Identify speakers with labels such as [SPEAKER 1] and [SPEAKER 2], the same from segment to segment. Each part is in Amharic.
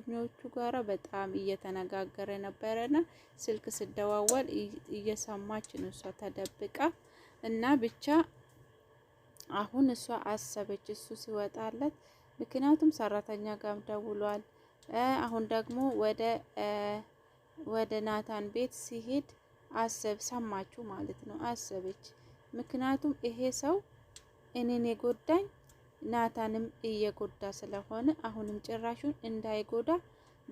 [SPEAKER 1] ከጎብኚዎቹ ጋራ በጣም እየተነጋገረ ነበረና ስልክ ስደዋወል እየሰማች ነው እሷ ተደብቃ እና ብቻ አሁን እሷ አሰበች እሱ ሲወጣለት። ምክንያቱም ሰራተኛ ጋር ደውሏል። አሁን ደግሞ ወደ ወደ ናታን ቤት ሲሄድ አሰብ ሰማችሁ ማለት ነው። አሰበች ምክንያቱም ይሄ ሰው እኔን የጎዳኝ ናታንም እየጎዳ ስለሆነ አሁንም ጭራሹን እንዳይጎዳ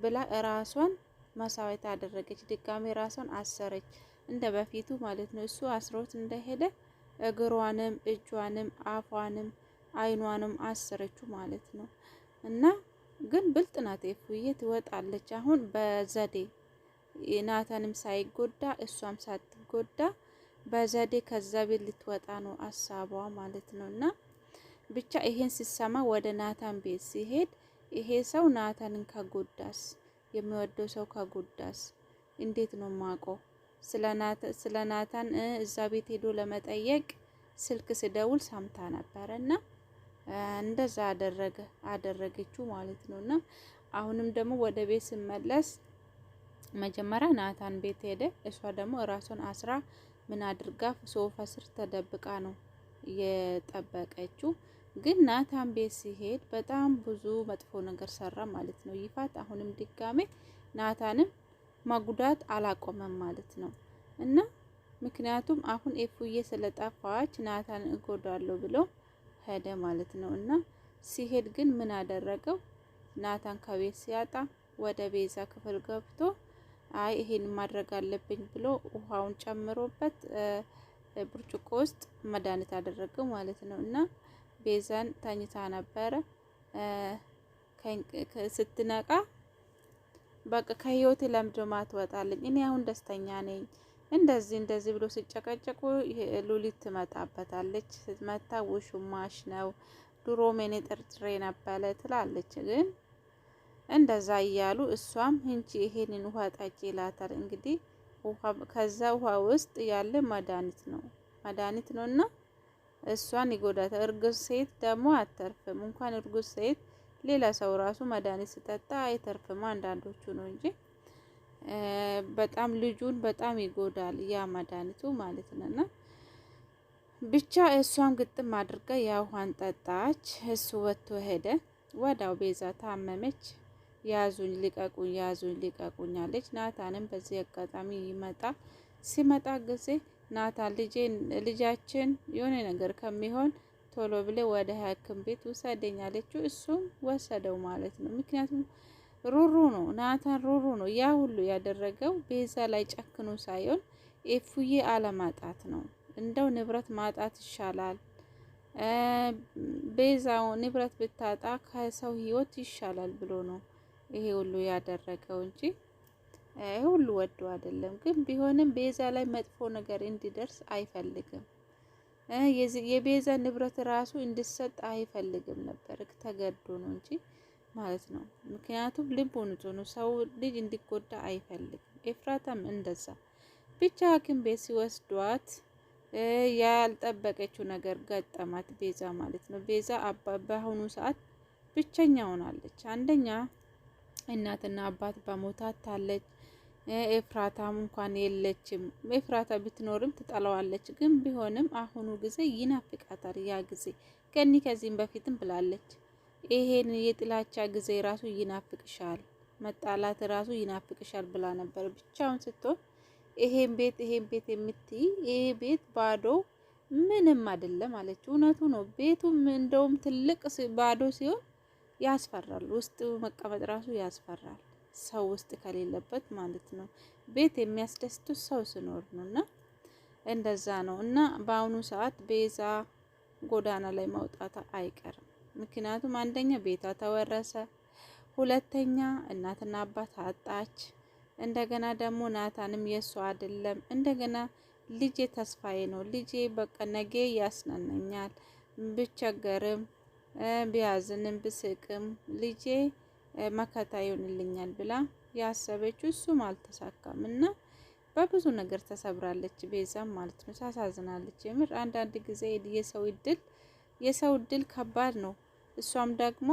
[SPEAKER 1] ብላ ራሷን መሳዊት አደረገች። ድጋሜ ራሷን አሰረች፣ እንደ በፊቱ ማለት ነው። እሱ አስሮት እንደሄደ እግሯንም፣ እጇንም፣ አፏንም፣ አይኗንም አሰረች ማለት ነው። እና ግን ብልጥ ናት ኤፉዬ ትወጣለች። አሁን በዘዴ ናታንም ሳይጎዳ እሷም ሳትጎዳ በዘዴ ከዛ ቤት ልትወጣ ነው አሳቧ ማለት ነው እና ብቻ ይሄን ሲሰማ ወደ ናታን ቤት ሲሄድ ይሄ ሰው ናታንን ከጎዳስ የሚወደው ሰው ከጎዳስ እንዴት ነው ማቆ ስለ ናታን እዛ ቤት ሄዶ ለመጠየቅ ስልክ ስደውል ሰምታ ነበረ እና እንደዛ አደረገ አደረገችው ማለት ነው። እና አሁንም ደግሞ ወደ ቤት ስመለስ መጀመሪያ ናታን ቤት ሄደ። እሷ ደግሞ እራሷን አስራ ምን አድርጋ ሶፋ ስር ተደብቃ ነው የጠበቀችው። ግን ናታን ቤት ሲሄድ በጣም ብዙ መጥፎ ነገር ሰራ ማለት ነው። ይፋት አሁንም ድጋሜ ናታንም ማጉዳት አላቆመም ማለት ነው እና ምክንያቱም አሁን ኤፉዬ ስለጠፋች ናታን እጎዳለሁ ብሎ ሄደ ማለት ነው እና ሲሄድ ግን ምን አደረገው? ናታን ከቤት ሲያጣ ወደ ቤዛ ክፍል ገብቶ አይ ይሄን ማድረግ አለብኝ ብሎ ውሃውን ጨምሮበት ብርጭቆ ውስጥ መድኃኒት አደረገው ማለት ነው እና ቤዛን ተኝታ ነበረ። ስትነቃ በቃ ከህይወት ለምዶማ ትወጣለች። እኔ አሁን ደስተኛ ነኝ እንደዚህ እንደዚህ ብሎ ሲጨቀጨቁ ሉሊት ትመጣበታለች። ስትመታ ውሽማሽ ነው ድሮ ሜኔ ጥርጥሬ ነበረ ትላለች። ግን እንደዛ እያሉ እሷም ህንቺ ይሄንን ውሃ ጠጭ ይላታል። እንግዲህ ከዛ ውሃ ውስጥ ያለ መድኃኒት ነው መድኃኒት ነውና እሷን ይጎዳታል። እርጉዝ ሴት ደግሞ አተርፍም። እንኳን እርጉዝ ሴት ሌላ ሰው ራሱ መድኃኒት ስጠጣ አይተርፍም። አንዳንዶቹ ነው እንጂ በጣም ልጁን በጣም ይጎዳል ያ መድኃኒቱ ማለት ነውና ብቻ እሷን ግጥም አድርጋ ያ ጠጣች። እሱ ወጥቶ ሄደ። ወዳው ቤዛ ታመመች። ያዙኝ ልቀቁኝ፣ ያዙኝ ልቀቁኝ አለች። ናታንም በዚህ አጋጣሚ ይመጣ ሲመጣ ጊዜ ናታን ልጃችን የሆነ ነገር ከሚሆን ቶሎ ብለ ወደ ሐኪም ቤት ውሰደኝ አለችው። እሱም ወሰደው ማለት ነው። ምክንያቱም ሩሩ ነው ናታን ሩሩ ነው። ያ ሁሉ ያደረገው ቤዛ ላይ ጨክኖ ሳይሆን ኤፉዬ አለማጣት ነው። እንደው ንብረት ማጣት ይሻላል። ቤዛው ንብረት ብታጣ ከሰው ህይወት ይሻላል ብሎ ነው ይሄ ሁሉ ያደረገው እንጂ ሁሉ ወዶ አይደለም፣ ግን ቢሆንም ቤዛ ላይ መጥፎ ነገር እንዲደርስ አይፈልግም። የቤዛ ንብረት ራሱ እንዲሰጥ አይፈልግም ነበር፣ ተገዶ ነው እንጂ ማለት ነው። ምክንያቱም ልቡ ንጹህ ነው፣ ሰው ልጅ እንዲጎዳ አይፈልግም። ኤፍራታም እንደዛ ብቻ ሐኪም ቤት ሲወስዷት ያልጠበቀችው ነገር ገጠማት፣ ቤዛ ማለት ነው። ቤዛ በአሁኑ ሰዓት ብቸኛ ሆናለች። አንደኛ እናትና አባት በሞታት ታለች። ኤፍራታም እንኳን የለችም። ኤፍራታ ብትኖርም ትጠላዋለች። ግን ቢሆንም አሁኑ ጊዜ ይናፍቃታል። ያ ጊዜ ገኒ ከዚህም በፊትም ብላለች፣ ይሄን የጥላቻ ጊዜ ራሱ ይናፍቅሻል፣ መጣላት ራሱ ይናፍቅሻል ብላ ነበር። ብቻውን ስትሆን ይሄን ቤት ይሄን ቤት የምትይ ይሄ ቤት ባዶ ምንም አይደለም አለች። እውነቱ ነው። ቤቱም እንደውም ትልቅ ባዶ ሲሆን ያስፈራል። ውስጥ መቀመጥ ራሱ ያስፈራል። ሰው ውስጥ ከሌለበት ማለት ነው። ቤት የሚያስደስቱ ሰው ሲኖር ነው እና እንደዛ ነው እና በአሁኑ ሰዓት ቤዛ ጎዳና ላይ መውጣት አይቀርም። ምክንያቱም አንደኛ ቤታ ተወረሰ፣ ሁለተኛ እናትና አባት አጣች። እንደገና ደግሞ ናታንም የእሱ አይደለም። እንደገና ልጄ ተስፋዬ ነው ልጄ በቃ ነገ ያስናናኛል ብቸገርም ቢያዝንም ብስቅም ልጄ መከታ ይሆንልኛል ብላ ያሰበችው እሱም አልተሳካም እና በብዙ ነገር ተሰብራለች ቤዛም ማለት ነው። ታሳዝናለች የምር አንዳንድ ጊዜ የሰው እድል የሰው እድል ከባድ ነው። እሷም ደግሞ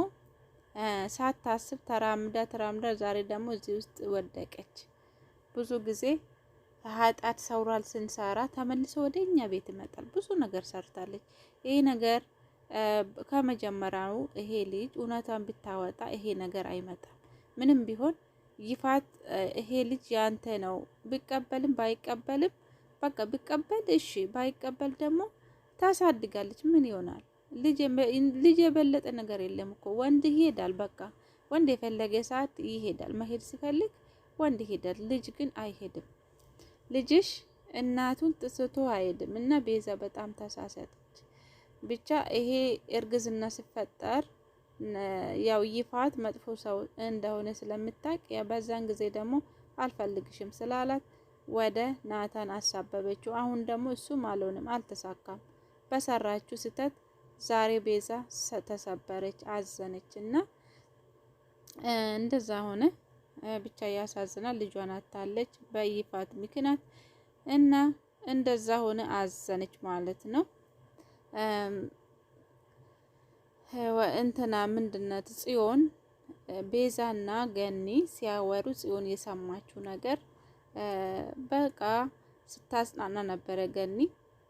[SPEAKER 1] ሳታስብ ተራምዳ ተራምዳ ዛሬ ደግሞ እዚህ ውስጥ ወደቀች። ብዙ ጊዜ ኃጢአት ሰውራል ስንሰራ ተመልሶ ወደ እኛ ቤት ይመጣል። ብዙ ነገር ሰርታለች። ይህ ነገር ከመጀመሪያው ይሄ ልጅ እውነቷን ብታወጣ ይሄ ነገር አይመጣም። ምንም ቢሆን ይፋት ይሄ ልጅ ያንተ ነው ቢቀበልም ባይቀበልም በቃ ቢቀበል እሺ፣ ባይቀበል ደግሞ ታሳድጋለች። ምን ይሆናል? ልጅ የበለጠ ነገር የለም እኮ ወንድ ይሄዳል። በቃ ወንድ የፈለገ ሰዓት ይሄዳል። መሄድ ሲፈልግ ወንድ ይሄዳል። ልጅ ግን አይሄድም። ልጅሽ እናቱን ጥስቶ አይሄድም እና ቤዛ በጣም ተሳሳተች። ብቻ ይሄ እርግዝና ሲፈጠር ያው ይፋት መጥፎ ሰው እንደሆነ ስለምታቅ በዛን ጊዜ ደግሞ አልፈልግሽም ስላላት ወደ ናታን አሳበበችው። አሁን ደግሞ እሱም አልሆንም አልተሳካም። በሰራችው ስህተት ዛሬ ቤዛ ተሰበረች፣ አዘነች እና እንደዛ ሆነ። ብቻ ያሳዝናል። ልጇን አታለች በይፋት ምክንያት እና እንደዛ ሆነ፣ አዘነች ማለት ነው። እንትና ምንድነት ጽዮን ቤዛና ገኒ ሲያወሩ ጽዮን የሰማችው ነገር በቃ ስታጽናና ነበረ። ገኒ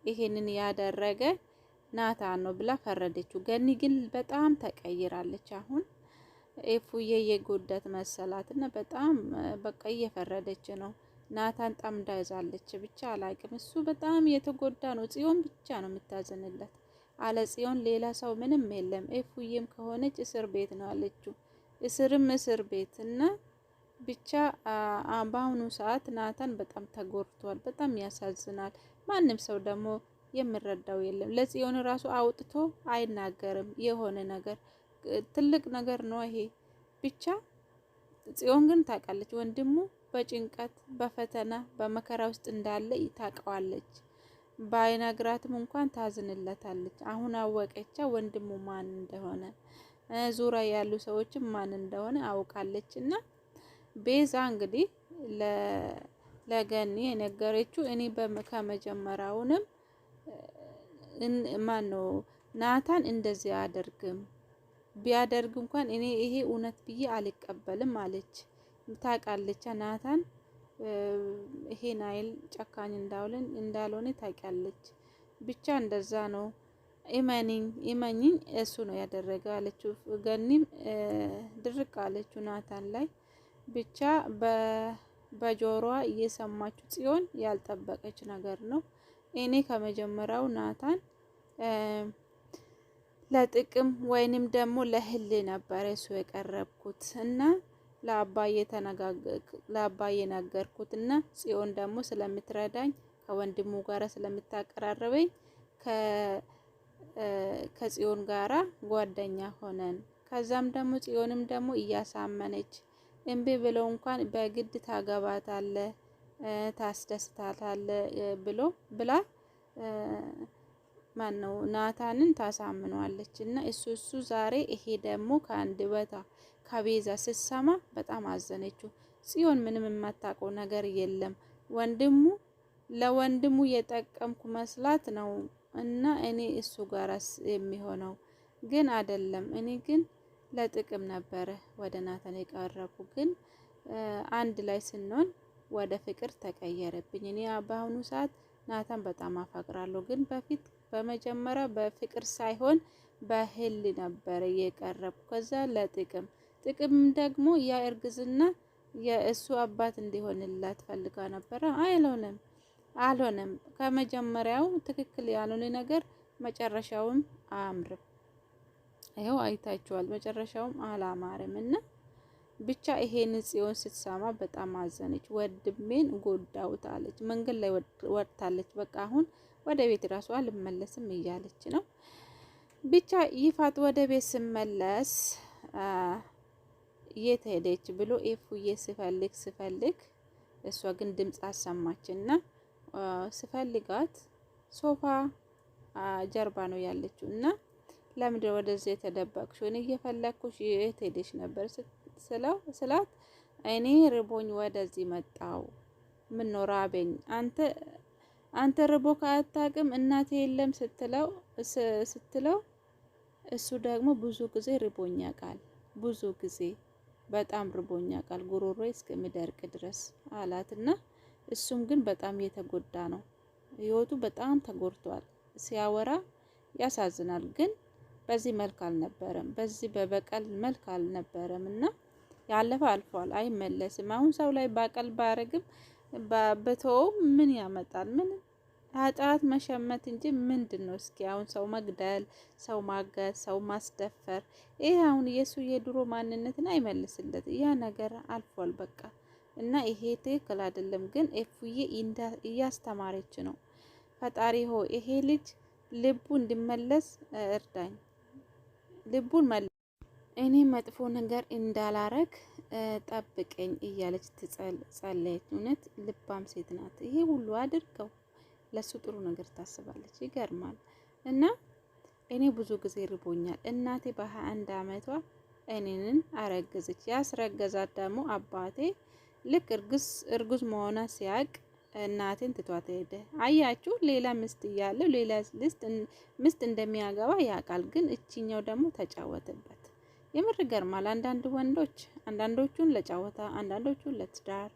[SPEAKER 1] ይሄንን ያደረገ ናታን ነው ብላ ፈረደችው። ገኒ ግን በጣም ተቀይራለች። አሁን ኤፉዬ የጎዳት መሰላትና በጣም በቃ እየፈረደች ነው። ናታን ጣም ይዛለች። ብቻ አላቅም። እሱ በጣም የተጎዳ ነው። ጽዮን ብቻ ነው የምታዘንለት። አለ ጽዮን ሌላ ሰው ምንም የለም። ኤፉዬም ከሆነች እስር ቤት ነው አለችው። እስርም እስር ቤት እና ብቻ በአሁኑ ሰዓት ናታን በጣም ተጎድቷል። በጣም ያሳዝናል። ማንም ሰው ደግሞ የምረዳው የለም። ለጽዮን ራሱ አውጥቶ አይናገርም። የሆነ ነገር ትልቅ ነገር ነው ይሄ ብቻ ጽዮን ግን ታውቃለች ወንድሙ በጭንቀት በፈተና በመከራ ውስጥ እንዳለ ታውቀዋለች። ባይነግራትም እንኳን ታዝንለታለች። አሁን አወቀቻ ወንድሙ ማን እንደሆነ ዙሪያ ያሉ ሰዎችም ማን እንደሆነ አውቃለች። እና ቤዛ እንግዲህ ለገኒ የነገረችው እኔ ከመጀመሪያውንም ማን ነው ናታን እንደዚህ አያደርግም ቢያደርግ እንኳን እኔ ይሄ እውነት ብዬ አልቀበልም አለች። ታውቃለች። ናታን ይሄ ናይል ጨካኝ እንዳውልን እንዳልሆነ ታውቃለች። ብቻ እንደዛ ነው ኢመኒኝ ኢመኒኝ እሱ ነው ያደረገ አለችው። ገኒም ድርቅ አለችው ናታን ላይ ብቻ በጆሮዋ እየሰማችሁ ጽዮን ያልጠበቀች ነገር ነው። እኔ ከመጀመሪያው ናታን ለጥቅም ወይንም ደግሞ ለህል ነበረ እሱ የቀረብኩት እና ለአባዬ ነገርኩትና ጽዮን ደግሞ ስለምትረዳኝ ከወንድሙ ጋራ ስለምታቀራረበኝ ከጽዮን ጋራ ጓደኛ ሆነን ከዛም ደግሞ ጽዮንም ደግሞ እያሳመነች እምቢ ብለው እንኳን በግድ ታገባታለ ታስደስታታለ ብሎ ብላ ማን ነው ናታንን ታሳምኗለች። እና እሱ እሱ ዛሬ ይሄ ደግሞ ከአንድ በታ ከቤዛ ስትሰማ በጣም አዘነችው። ጽዮን ምንም የማታውቀው ነገር የለም ወንድሙ ለወንድሙ የጠቀምኩ መስላት ነው እና እኔ እሱ ጋራስ የሚሆነው ግን አይደለም። እኔ ግን ለጥቅም ነበረ ወደ ናታን የቀረቡ ግን አንድ ላይ ስንሆን ወደ ፍቅር ተቀየረብኝ። እኔ በአሁኑ ሰዓት ናታን በጣም አፈቅራለሁ ግን በፊት በመጀመሪያ በፍቅር ሳይሆን በህል ነበረ የቀረብኩ። ከዛ ለጥቅም ጥቅም ደግሞ የእርግዝና እርግዝና የእሱ አባት እንዲሆንላት ፈልጋ ነበረ። አይሆንም አልሆነም። ከመጀመሪያው ትክክል ያልሆነ ነገር መጨረሻውም አያምርም። ይኸው አይታችኋል። መጨረሻውም አላማርም እና ብቻ ይሄን ጽዮን ስትሰማ በጣም አዘነች። ወንድሜን ጎዳውት መንገድ ላይ ወድታለች። በቃ አሁን ወደ ቤት ራሱ አልመለስም እያለች ነው። ብቻ ይፋት ወደ ቤት ስመለስ የት ሄደች ብሎ ኤፉዬ ስፈልግ ስፈልግ እሷ ግን ድምፅ አሰማችና ስፈልጋት ሶፋ ጀርባ ነው ያለችው እና ለምንድን ወደዚህ የተደበቅሽ? እኔ እየፈለግኩሽ የት ሄደሽ ነበር ስለው ስላት እኔ ርቦኝ ወደዚህ መጣው ምን ኖራበኝ አንተ አንተ ርቦ አታውቅም እናቴ የለም ስትለው ስትለው እሱ ደግሞ ብዙ ጊዜ ርቦኛ ቃል ብዙ ጊዜ በጣም ርቦኛ ቃል ጉሮሮ እስከሚደርቅ ድረስ አላትና እሱም ግን በጣም የተጎዳ ነው። ህይወቱ በጣም ተጎድቷል። ሲያወራ ያሳዝናል፣ ግን በዚህ መልክ አልነበረም፣ በዚህ በበቀል መልክ አልነበረም እና ያለፈ አልፏል፣ አይመለስም። አሁን ሰው ላይ ባቀል ባረግም በተወው ምን ያመጣል? ምን ኃጢአት መሸመት እንጂ ምንድን ነው እስኪ? አሁን ሰው መግደል፣ ሰው ማገት፣ ሰው ማስደፈር ይሄ አሁን የእሱ የድሮ ማንነትን አይመልስለት። ያ ነገር አልፏል በቃ። እና ይሄ ትክክል አይደለም። ግን ኤፉዬ እያስተማረች ነው። ፈጣሪ ሆ ይሄ ልጅ ልቡ እንዲመለስ እርዳኝ፣ ልቡን መለ እኔ መጥፎ ነገር እንዳላረግ ጠብቀኝ እያለች ትጸለየች። እውነት ልባም ሴት ናት። ይሄ ሁሉ አድርገው ለሱ ጥሩ ነገር ታስባለች። ይገርማል። እና እኔ ብዙ ጊዜ ርቦኛል። እናቴ በ21 አመቷ እኔንን አረገዘች። ያስረገዛት ደግሞ አባቴ ልክ እርጉዝ መሆኗ ሲያቅ እናቴን ትቷት ሄደ። አያችሁ፣ ሌላ ምስት እያለው ሌላ ምስት እንደሚያገባ ያውቃል። ግን እችኛው ደግሞ ተጫወተበት። የምር ገርማል። አንዳንድ ወንዶች አንዳንዶቹን ለጫወታ፣ አንዳንዶቹን ለትዳር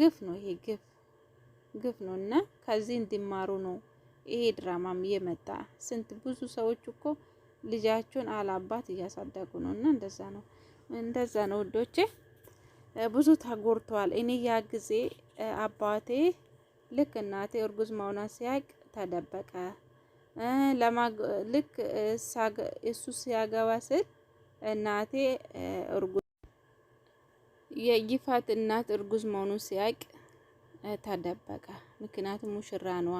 [SPEAKER 1] ግፍ ነው ይሄ ግፍ። ግፍ ነው እና ከዚህ እንዲማሩ ነው ይሄ ድራማም የመጣ። ስንት ብዙ ሰዎች እኮ ልጃቸውን አላባት እያሳደጉ ነው እና እንደዛ ነው እንደዛ ነው ውዶቼ፣ ብዙ ተጎድተዋል። እኔ ያ ጊዜ አባቴ ልክ እናቴ እርጉዝ መሆኗን ሲያቅ ተደበቀ። ልክ እሱ ሲያገባ ስል እናቴ እርጉዝ የይፋት እናት እርጉዝ መሆኑን ሲያቅ ተደበቀ። ምክንያቱም ሙሽራ ነዋ።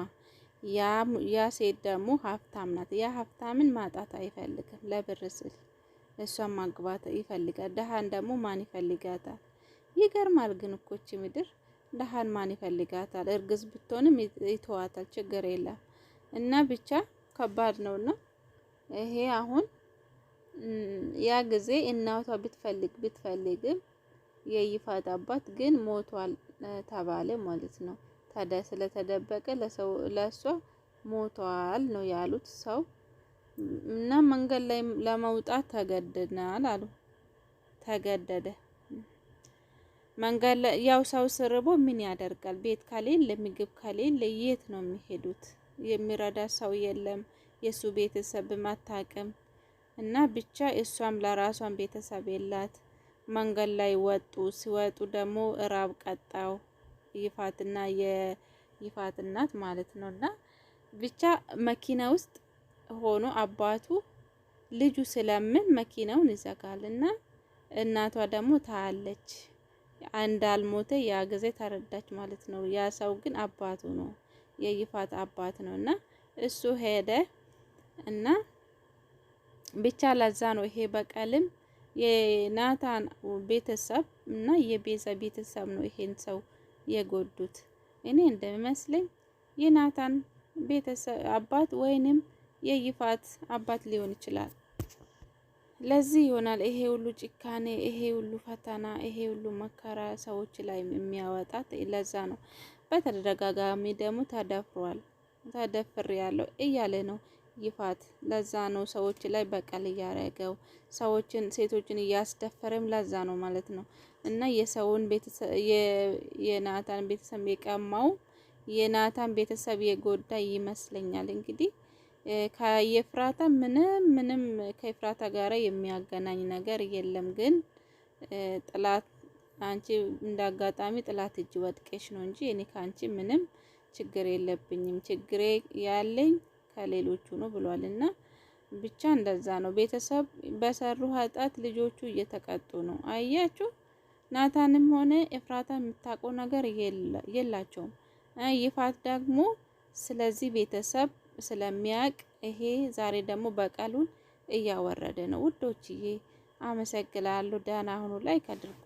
[SPEAKER 1] ያ ሴት ደግሞ ሀብታም ናት። ያ ሀብታምን ማጣት አይፈልግም። ለብር ስል እሷን ማግባት ይፈልጋል። ደሃን ደግሞ ማን ይፈልጋታል? ይገርማል። ግን እኮች ምድር ደሃን ማን ይፈልጋታል? እርግዝ ብትሆንም ይተዋታል። ችግር የለም እና ብቻ ከባድ ነውና ይሄ አሁን ያ ጊዜ እናቷ ብትፈልግ ብትፈልግም የይፋት አባት ግን ሞቷል። ተባለ ማለት ነው። ታዲያ ስለተደበቀ ለሰው ለእሷ ሞቷል ነው ያሉት ሰው እና መንገድ ላይ ለመውጣት ተገደናል አሉ። ተገደደ መንገድ ላይ ያው ሰው ስርቦ ምን ያደርጋል? ቤት ከሌለ ምግብ ከሌለ የት ነው የሚሄዱት? የሚረዳ ሰው የለም። የሱ ቤተሰብ ማታቅም እና ብቻ እሷም ለራሷን ቤተሰብ የላት መንገድ ላይ ወጡ። ሲወጡ ደግሞ እራብ ቀጣው ይፋትና የይፋት እናት ማለት ነው። እና ብቻ መኪና ውስጥ ሆኖ አባቱ ልጁ ስለምን መኪናውን ይዘጋል እና እናቷ ደግሞ ታያለች። እንዳልሞተ ያ ጊዜ ተረዳች ማለት ነው። ያ ሰው ግን አባቱ ነው፣ የይፋት አባት ነው እና እሱ ሄደ እና ብቻ ለዛ ነው ይሄ በቀልም የናታን ቤተሰብ እና የቤዛ ቤተሰብ ነው ይሄን ሰው የጎዱት። እኔ እንደሚመስለኝ የናታን ቤተሰብ አባት ወይንም የይፋት አባት ሊሆን ይችላል። ለዚህ ይሆናል ይሄ ሁሉ ጭካኔ፣ ይሄ ሁሉ ፈተና፣ ይሄ ሁሉ መከራ ሰዎች ላይ የሚያወጣት ለዛ ነው። በተደጋጋሚ ደግሞ ተደፍሯል፣ ያለው እያለ ነው ይፋት። ለዛ ነው ሰዎች ላይ በቀል እያረገው ሰዎችን ሴቶችን እያስደፈረም ለዛ ነው ማለት ነው። እና የሰውን የናታን ቤተሰብ የቀማው የናታን ቤተሰብ የጎዳ ይመስለኛል። እንግዲህ ከየፍራታ ምንም ምንም ከፍራታ ጋር የሚያገናኝ ነገር የለም። ግን ጥላት አንቺ እንዳጋጣሚ ጥላት እጅ ወጥቀሽ ነው እንጂ እኔ ከአንቺ ምንም ችግር የለብኝም። ችግሬ ያለኝ ከሌሎቹ ነው ብሏል። እና ብቻ እንደዛ ነው። ቤተሰብ በሰሩ ኃጢአት ልጆቹ እየተቀጡ ነው። አያችሁ፣ ናታንም ሆነ ኤፍራታ የምታውቀው ነገር የላቸውም። ይፋት ደግሞ ስለዚህ ቤተሰብ ስለሚያቅ ይሄ ዛሬ ደግሞ በቀሉን እያወረደ ነው። ውዶችዬ፣ አመሰግናለሁ። ደህና ሁኑ። ላይ ከድርጉ